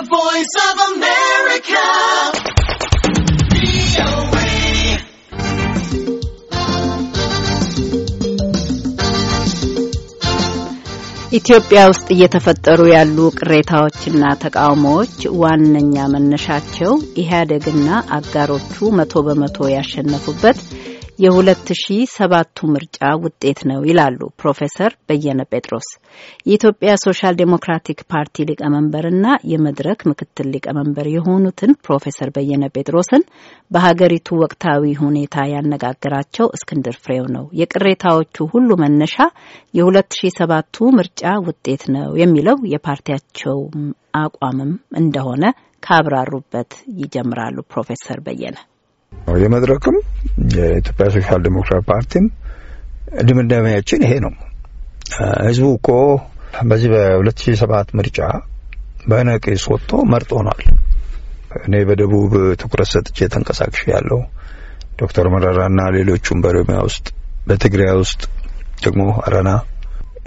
The Voice of America. ኢትዮጵያ ውስጥ እየተፈጠሩ ያሉ ቅሬታዎችና ተቃውሞዎች ዋነኛ መነሻቸው ኢህአዴግና አጋሮቹ መቶ በመቶ ያሸነፉበት የ 2007 ምርጫ ውጤት ነው ይላሉ ፕሮፌሰር በየነ ጴጥሮስ የኢትዮጵያ ሶሻል ዴሞክራቲክ ፓርቲ ሊቀመንበርና የመድረክ ምክትል ሊቀመንበር የሆኑትን ፕሮፌሰር በየነ ጴጥሮስን በሀገሪቱ ወቅታዊ ሁኔታ ያነጋገራቸው እስክንድር ፍሬው ነው። የቅሬታዎቹ ሁሉ መነሻ የ 2007 ምርጫ ውጤት ነው የሚለው የፓርቲያቸው አቋምም እንደሆነ ካብራሩበት ይጀምራሉ ፕሮፌሰር በየነ የመድረክም የኢትዮጵያ ሶሻል ዴሞክራት ፓርቲም ድምዳሜያችን ይሄ ነው። ህዝቡ እኮ በዚህ በ2007 ምርጫ በነቂስ ወጥቶ መርጦናል። እኔ በደቡብ ትኩረት ሰጥቼ ተንቀሳቅሽ ያለው ዶክተር መረራና ሌሎቹም በኦሮሚያ ውስጥ በትግራይ ውስጥ ደግሞ አረና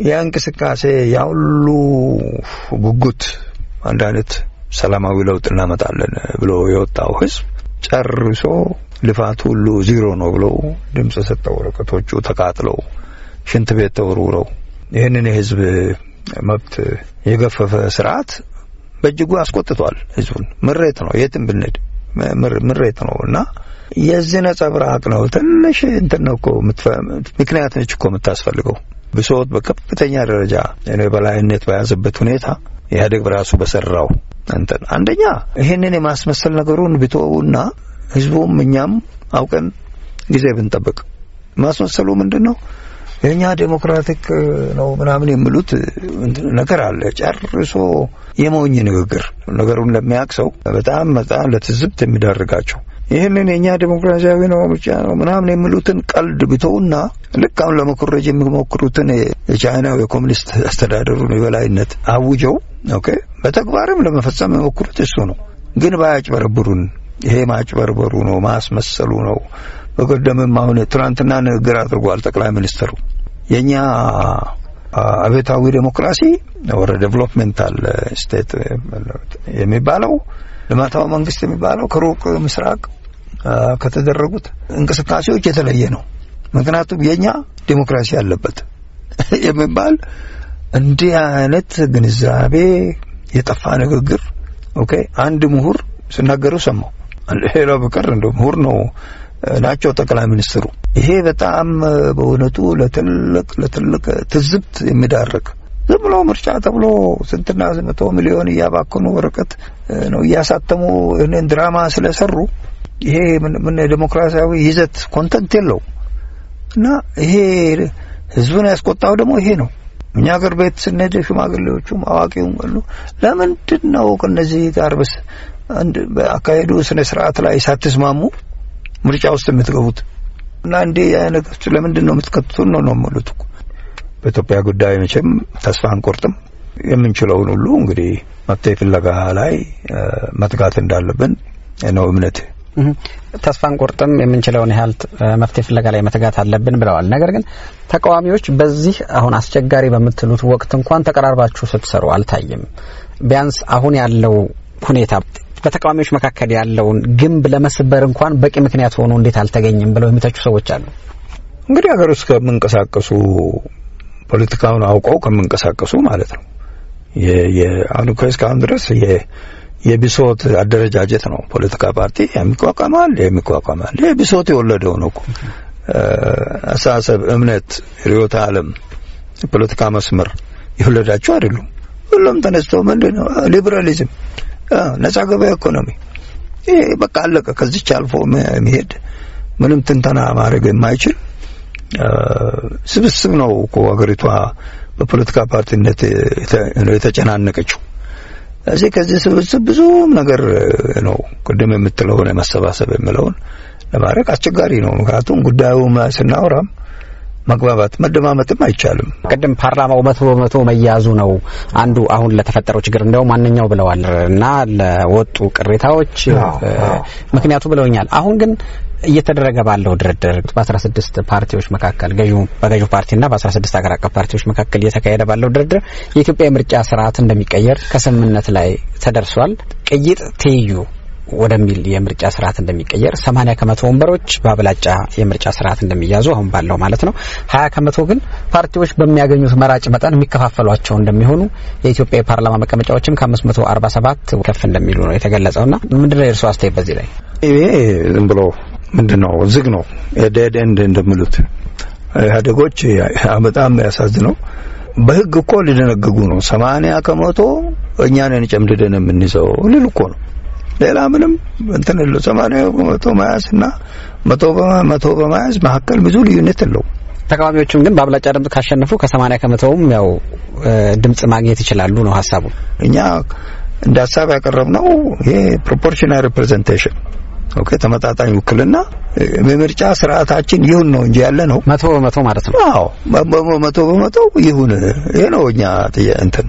ያ እንቅስቃሴ ያ ሁሉ ጉጉት አንድ አይነት ሰላማዊ ለውጥ እናመጣለን ብሎ የወጣው ህዝብ ጨርሶ ልፋቱ ሁሉ ዜሮ ነው ብለው ድምጽ ሰጠው። ወረቀቶቹ ተቃጥለው ሽንት ቤት ተወርውረው ይህንን የህዝብ መብት የገፈፈ ስርዓት በእጅጉ አስቆጥቷል ህዝቡን። ምሬት ነው የትም ብንሄድ ምሬት ነው እና የዚህ ነጸብራቅ ነው። ትንሽ እንትን ነው እኮ ምክንያት ነች እኮ የምታስፈልገው ብሶት በከፍተኛ ደረጃ እኔ በላይነት በያዘበት ሁኔታ ኢህአዴግ በራሱ በሰራው እንትን አንደኛ ይሄንን የማስመሰል ነገሩን ብትወውና ህዝቡም እኛም አውቀን ጊዜ ብንጠብቅ ማስመሰሉ ምንድን ነው የእኛ ዴሞክራቲክ ነው ምናምን የሚሉት ነገር አለ። ጨርሶ የሞኝ ንግግር ነገሩን ለሚያውቅ ሰው በጣም በጣም ለትዝብት የሚዳርጋቸው ይህንን የኛ ዴሞክራሲያዊ ነው ብቻ ነው ምናምን የሚሉትን ቀልድ ብተውና ልክ አሁን ለመኮረጅ የሚሞክሩትን የቻይናው የኮሚኒስት አስተዳደሩን የበላይነት አውጀው ኦኬ በተግባርም ለመፈጸም የሚሞክሩት እሱ ነው። ግን ባያጭበረብሩን፣ ይሄ ማጭበርበሩ ነው ማስመሰሉ ነው። በቀደምም አሁን ትናንትና ንግግር አድርጓል ጠቅላይ ሚኒስትሩ የእኛ አቤታዊ ዴሞክራሲ ወረ ዴቨሎፕሜንታል ስቴት የሚባለው ልማታዊ መንግስት የሚባለው ከሩቅ ምስራቅ ከተደረጉት እንቅስቃሴዎች የተለየ ነው። ምክንያቱም የኛ ዴሞክራሲ አለበት የሚባል እንዲህ አይነት ግንዛቤ የጠፋ ንግግር ኦኬ አንድ ምሁር ሲናገሩ ሰማው። ሌላው በቀር እንደ ምሁር ነው ናቸው ጠቅላይ ሚኒስትሩ። ይሄ በጣም በእውነቱ ለትልቅ ለትልቅ ትዝብት የሚዳርግ ዝም ብሎ ምርጫ ተብሎ ስንትና መቶ ሚሊዮን እያባከኑ ወረቀት ነው እያሳተሙ ይህንን ድራማ ስለሰሩ ይሄ ምን ዴሞክራሲያዊ ይዘት ኮንተንት የለው እና ይሄ ህዝቡን ያስቆጣው ደግሞ ይሄ ነው። እኛ ሀገር ቤት ስንሄድ ሽማግሌዎቹም አዋቂውም ሁሉ ለምንድን ነው ከነዚህ ጋር በስ በአካሄዱ ስነ ስርዓት ላይ ሳትስማሙ ምርጫ ውስጥ የምትገቡት እና እንዲህ ነገሮች ለምንድን ነው የምትከትቱን ነው ነው የሚሉት እኮ። በኢትዮጵያ ጉዳይ መቼም ተስፋ አንቆርጥም። የምንችለውን ሁሉ እንግዲህ መፍትሄ ፍለጋ ላይ መትጋት እንዳለብን ነው እምነት ተስፋ አንቆርጥም፣ የምንችለውን ያህል መፍትሄ ፍለጋ ላይ መትጋት አለብን ብለዋል። ነገር ግን ተቃዋሚዎች በዚህ አሁን አስቸጋሪ በምትሉት ወቅት እንኳን ተቀራርባችሁ ስትሰሩ አልታይም። ቢያንስ አሁን ያለው ሁኔታ በተቃዋሚዎች መካከል ያለውን ግንብ ለመስበር እንኳን በቂ ምክንያት ሆኖ እንዴት አልተገኘም ብለው የሚተቹ ሰዎች አሉ። እንግዲህ ሀገር ውስጥ ከሚንቀሳቀሱ ፖለቲካውን አውቀው ከምንቀሳቀሱ ማለት ነው። አሁን እስካሁን ድረስ የቢሶት አደረጃጀት ነው። ፖለቲካ ፓርቲ የሚቋቋማል የሚቋቋማል የቢሶት የወለደው ነው እኮ አስተሳሰብ፣ እምነት፣ ርዕዮተ ዓለም፣ ፖለቲካ መስመር የወለዳቸው አይደሉም። ሁሉም ተነስቶ ምንድን ነው ሊበራሊዝም፣ ነጻ ገበያ ኢኮኖሚ በቃ አለቀ። ከዚች አልፎ መሄድ ምንም ትንተና ማድረግ የማይችል ስብስብ ነው እኮ ሀገሪቷ በፖለቲካ ፓርቲነት የተጨናነቀችው። እዚህ ከዚህ ስብስብ ብዙም ነገር ነው። ቅድም የምትለውን የመሰባሰብ የምለውን ለማድረግ አስቸጋሪ ነው። ምክንያቱም ጉዳዩ ስናወራም መግባባት መደማመጥም አይቻልም። ቅድም ፓርላማው መቶ በመቶ መያዙ ነው አንዱ አሁን ለተፈጠረው ችግር እንደው ማንኛው ብለዋል እና ለወጡ ቅሬታዎች ምክንያቱ ብለውኛል። አሁን ግን እየተደረገ ባለው ድርድር በ16 ፓርቲዎች መካከል በገዢው ፓርቲና በ16 ሀገር አቀፍ ፓርቲዎች መካከል እየተካሄደ ባለው ድርድር የኢትዮጵያ የምርጫ ስርዓት እንደሚቀየር ከስምምነት ላይ ተደርሷል። ቅይጥ ትይዩ ወደሚል የምርጫ ስርዓት እንደሚቀየር፣ 80 ከመቶ ወንበሮች በአብላጫ የምርጫ ስርዓት እንደሚያዙ አሁን ባለው ማለት ነው። 20 ከመቶ ግን ፓርቲዎች በሚያገኙት መራጭ መጠን የሚከፋፈሏቸው እንደሚሆኑ የኢትዮጵያ የፓርላማ መቀመጫዎችም ከአምስት መቶ ከፍ እንደሚሉ ነው የተገለጸው። ና ምንድን የእርስዎ አስተያየት በዚህ ላይ? ይሄ ዝም ብሎ ምንድን ነው ዝግ ነው ዴድ ኤንድ እንደሚሉት ኢህአዴጎች በጣም ያሳዝነው በህግ እኮ ሊደነግጉ ነው። ሰማንያ ከመቶ እኛንን ጨምድደን የምንይዘው ልል እኮ ነው። ሌላ ምንም እንትን የለው። ሰማንያ በመቶ መያዝ እና መቶ በመቶ በመያዝ መካከል ብዙ ልዩነት የለው። ተቃዋሚዎቹም ግን በአብላጫ ድምፅ ካሸነፉ ከሰማንያ ከመቶውም ያው ድምጽ ማግኘት ይችላሉ ነው ሀሳቡ። እኛ እንደ ሀሳብ ያቀረብ ነው ይሄ ፕሮፖርሽናል ሪፕሬዘንቴሽን ኦኬ፣ ተመጣጣኝ ውክልና የምርጫ ስርዓታችን ይሁን ነው እንጂ ያለ ነው። መቶ በመቶ ማለት ነው። አዎ መቶ በመቶ ይሁን። ይሄ ነው እኛ እንትን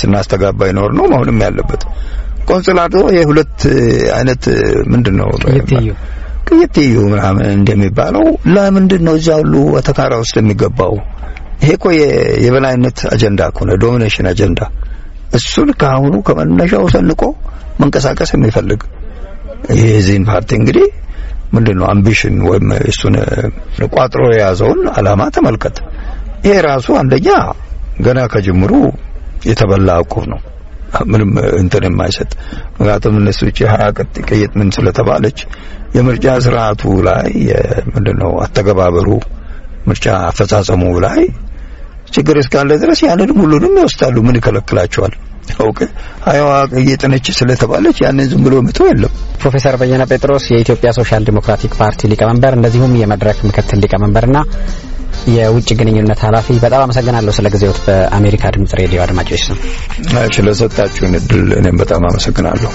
ስናስተጋባ ይኖር ነው መሆንም ያለበት። ቆንጽላዶ የሁለት አይነት ምንድን ነው ቅይትዩ ምናምን እንደሚባለው ለምንድን ነው እዚያ ሁሉ ተካራ ውስጥ የሚገባው? ይሄ እኮ የበላይነት አጀንዳ እኮ ነው፣ ዶሚኔሽን አጀንዳ። እሱን ከአሁኑ ከመነሻው ሰንቆ መንቀሳቀስ የሚፈልግ ይሄ ዚን ፓርቲ እንግዲህ ምንድን ነው አምቢሽን ወይም እሱን ቋጥሮ የያዘውን አላማ ተመልከት። ይሄ ራሱ አንደኛ ገና ከጅምሩ የተበላ እቁብ ነው። ምንም እንትን የማይሰጥ ምክንያቱም እነሱ እቺ ሀያ ቅይጥ ምን ስለተባለች የምርጫ ስርዓቱ ላይ ነው አተገባበሩ ምርጫ አፈጻጸሙ ላይ ችግር እስካለ ድረስ ያንን ሁሉንም ይወስዳሉ። ምን ይከለክላቸዋል? ኦኬ አይዋ እየጠነች ስለተባለች ያንን ዝም ብሎ መተው የለም። ፕሮፌሰር በየነ ጴጥሮስ የኢትዮጵያ ሶሻል ዲሞክራቲክ ፓርቲ ሊቀመንበር እንደዚሁም የመድረክ ምክትል ሊቀመንበርና የውጭ ግንኙነት ኃላፊ በጣም አመሰግናለሁ ስለ ጊዜዎት። በአሜሪካ ድምጽ ሬዲዮ አድማጮች ስም ስለሰጣችሁን እድል እኔም በጣም አመሰግናለሁ።